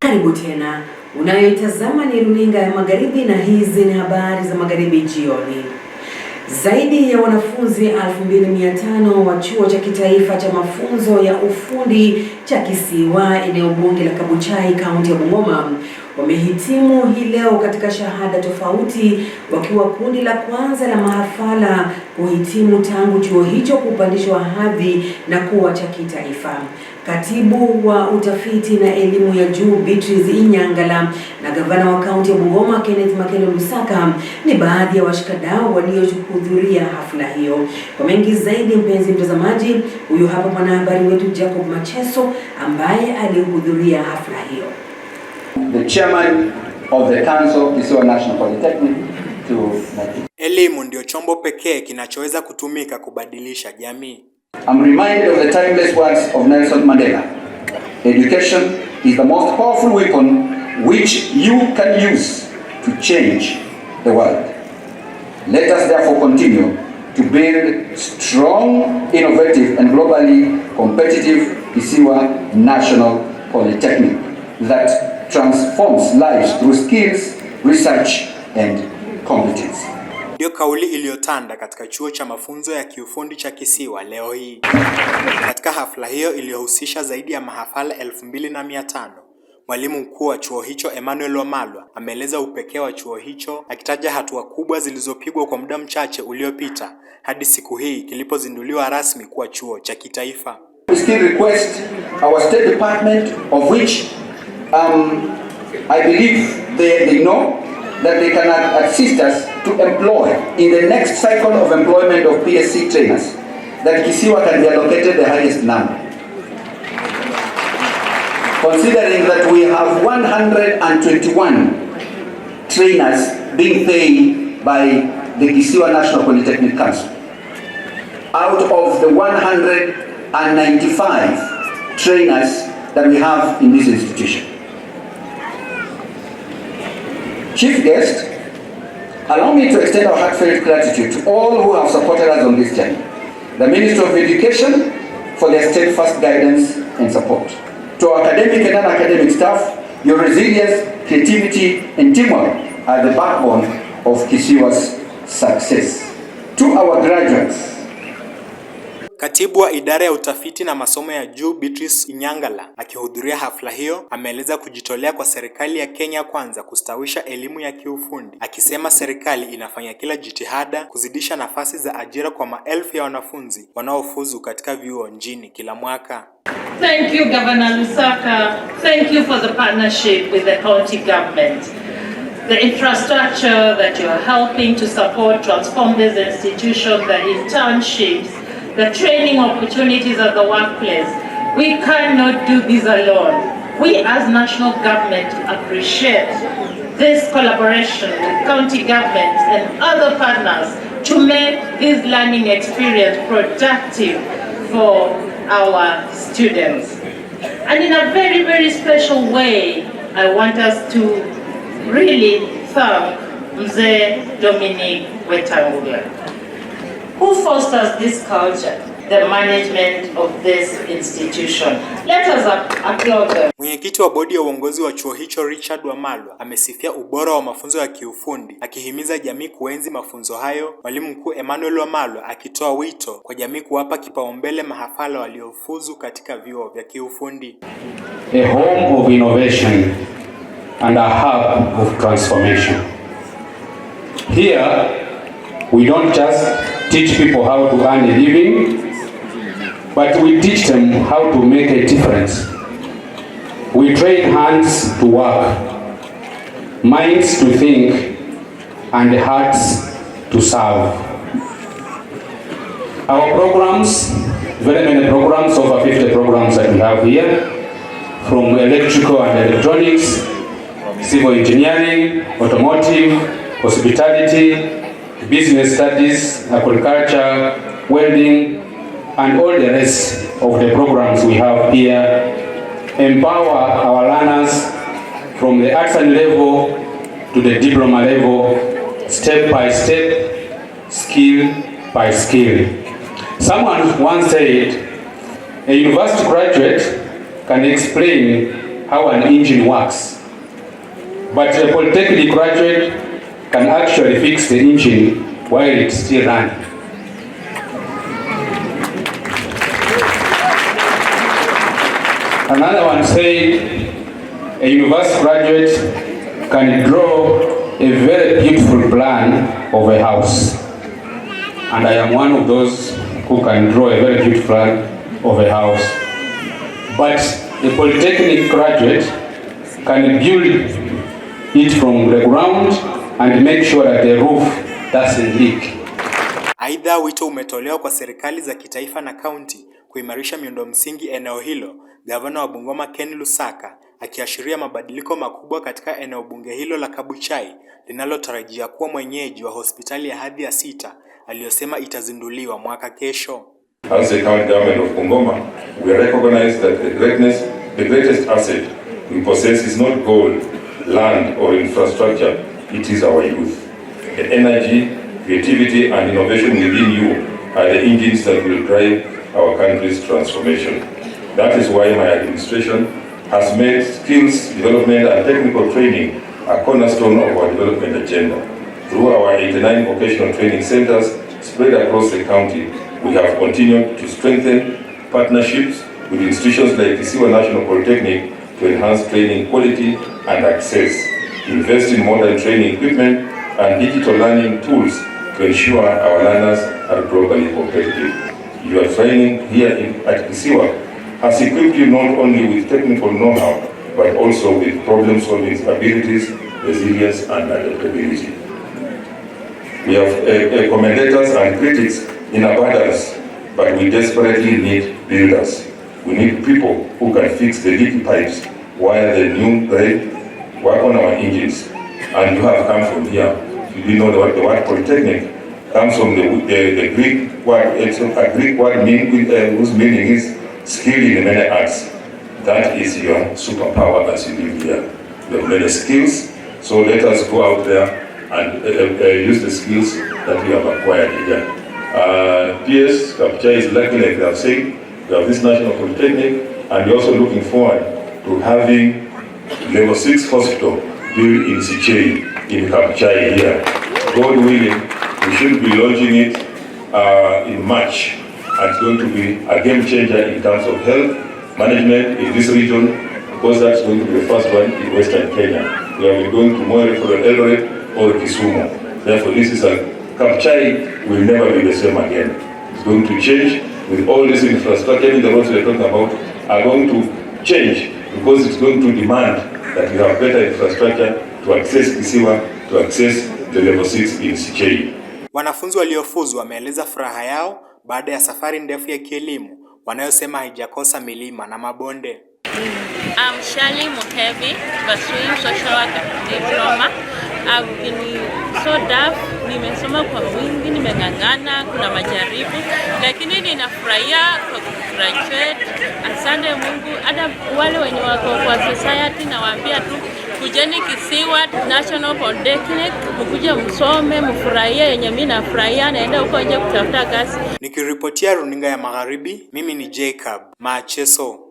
Karibu tena, unayoitazama ni runinga ya Magharibi na hizi ni habari za Magharibi jioni. Zaidi ya wanafunzi 2500 wa chuo cha kitaifa cha mafunzo ya ufundi cha Kisiwa, eneo bunge la Kabuchai, kaunti ya Bungoma wamehitimu hii leo katika shahada tofauti wakiwa kundi la kwanza la mahafala kuhitimu tangu chuo hicho kupandishwa hadhi na kuwa cha kitaifa. Katibu wa utafiti na elimu ya juu Beatrice Inyangala na gavana wa kaunti ya Bungoma Kenneth Makelo Lusaka ni baadhi ya washikadau waliohudhuria hafla hiyo. Kwa mengi zaidi, mpenzi mtazamaji, huyu hapa mwanahabari wetu Jacob Macheso ambaye alihudhuria hafla hiyo. The chairman of the council Kisiwa National Polytechnic to elimu ndio chombo pekee kinachoweza kutumika kubadilisha jamii. I'm reminded of the timeless words of Nelson Mandela. Education is the most powerful weapon which you can use to change the world. Let us therefore continue to build strong, innovative and globally competitive Kisiwa National Polytechnic that transforms lives through skills, research and competence. Ndiyo kauli iliyotanda katika chuo cha mafunzo ya kiufundi cha Kisiwa leo hii. Katika hafla hiyo iliyohusisha zaidi ya mahafala elfu mbili na mia tano mwalimu mkuu wa chuo hicho Emmanuel Wamalwa ameeleza upekee wa chuo hicho akitaja hatua kubwa zilizopigwa kwa muda mchache uliopita hadi siku hii kilipozinduliwa rasmi kuwa chuo cha kitaifa. We still request our State Department, of which um, I believe they, they know that they can assist us to employ in the next cycle of employment of PSC trainers, that Kisiwa can be allocated the highest number. Considering that we have 121 trainers being paid by the Kisiwa National Polytechnic Council, out of the 100 and 95 trainers that we have in this institution. Chief guest, allow me to extend our heartfelt gratitude to all who have supported us on this journey. The Minister of Education for their steadfast guidance and support. To our academic and non-academic staff, your resilience, creativity, and teamwork are the backbone of Kisiwa's success. To our graduates, Katibu wa idara ya utafiti na masomo ya juu Beatrice Inyangala akihudhuria hafla hiyo ameeleza kujitolea kwa serikali ya Kenya Kwanza kustawisha elimu ya kiufundi, akisema serikali inafanya kila jitihada kuzidisha nafasi za ajira kwa maelfu ya wanafunzi wanaofuzu katika vyuo nchini kila mwaka. Thank you Governor Lusaka. Thank you for the partnership with the county government. The infrastructure that you are helping to support transform this institution, the internships the training opportunities at the workplace. We cannot do this alone. We as national government appreciate this collaboration with county governments and other partners to make this learning experience productive for our students. And in a very, very special way, I want us to really thank Mzee Dominique Wetangula. Who fosters this culture? The management of this institution. Let us applaud them. Mwenyekiti wa bodi ya uongozi wa chuo hicho Richard Wamalwa amesifia ubora wa mafunzo ya kiufundi akihimiza jamii kuenzi mafunzo hayo, mwalimu mkuu Emmanuel Wamalwa akitoa wito kwa jamii kuwapa kipaumbele mahafala waliofuzu katika vyuo vya kiufundi. A home of innovation and a hub of transformation. Here we don't just teach people how to earn a living, but we teach them how to make a difference. We train hands to work, minds to think, and hearts to serve. Our programs, very many programs, over 50 programs that we have here, from electrical and electronics, civil engineering, automotive, hospitality, business studies, agriculture, welding, and all the rest of the programs we have here. Empower our learners from the artisan level to the diploma level, step by step, skill by skill. Someone once said, a university graduate can explain how an engine works, but a polytechnic graduate can actually fix the engine while it's still running. Another one said, a university graduate can draw a very beautiful plan of a house. And I am one of those who can draw a very beautiful plan of a house. But a polytechnic graduate can build it from the ground and make sure that the roof doesn't leak. Aidha, wito umetolewa kwa serikali za kitaifa na kaunti kuimarisha miundo msingi eneo hilo, gavana wa Bungoma Ken Lusaka akiashiria mabadiliko makubwa katika eneo bunge hilo la Kabuchai linalotarajia kuwa mwenyeji wa hospitali ya hadhi ya sita aliyosema itazinduliwa mwaka kesho. As the county government of Bungoma, we recognize that the greatness, the greatest asset we possess is not gold, land or infrastructure It is our youth. The energy, creativity, and innovation within you are the engines that will drive our country's transformation. That is why my administration has made skills development and technical training a cornerstone of our development agenda. Through our 89 vocational training centers spread across the county, we have continued to strengthen partnerships with institutions like the Siwa National Polytechnic to enhance training quality and access invest in modern training equipment and digital learning tools to ensure our learners are globally competitive. Your training here in, at Kisiwa has equipped you not only with technical know-how, but also with problem-solving abilities, resilience, and adaptability. We have uh, commentators and critics in abundance, but we desperately need builders. We need people who can fix the leaky pipes while the new rail work on our engines. And you have come from here. You know the word, the word polytechnic comes from the, the, the Greek word, it's eh, a uh, Greek word mean, uh, whose meaning is skill in many arts. That is your superpower as you live here. You have many skills, so let us go out there and uh, uh, use the skills that we have acquired here. Uh, PS Kapcha is lucky like they have said, we have this National Polytechnic, and we're also looking forward to having Level 6 hospital built in Sichei in Kabuchai here. God willing, we should be launching it uh, in March. And It's going to be a game changer in terms of health management in this region because that's going to be the first one in Western Kenya. We are going to Moyo for the Eldoret or Kisumu. Therefore, this is a Kabuchai will never be the same again. It's going to change with all this infrastructure, the roads we are talking about are going to change because it's going to demand that you have better infrastructure to access Kisiwa, to access the level 6 in Sichei. Wanafunzi waliofuzu wameeleza furaha yao baada ya safari ndefu ya kielimu wanayosema haijakosa milima na mabonde. I'm Shirley Mutebi, pursuing social work diploma. I've been so deaf, nimesoma kwa wingi, nimeng'ang'ana, kuna majaribu lakini ninafurahia graduate. Asante Mungu. Hata wale wenye wako kwa society nawaambia tu kujeni Kisiwa National Polytechnic, mkuje msome, mfurahie yenye mimi nafurahia, naenda huko nje kutafuta kazi. Nikiripotia runinga ya Magharibi, mimi ni Jacob Macheso.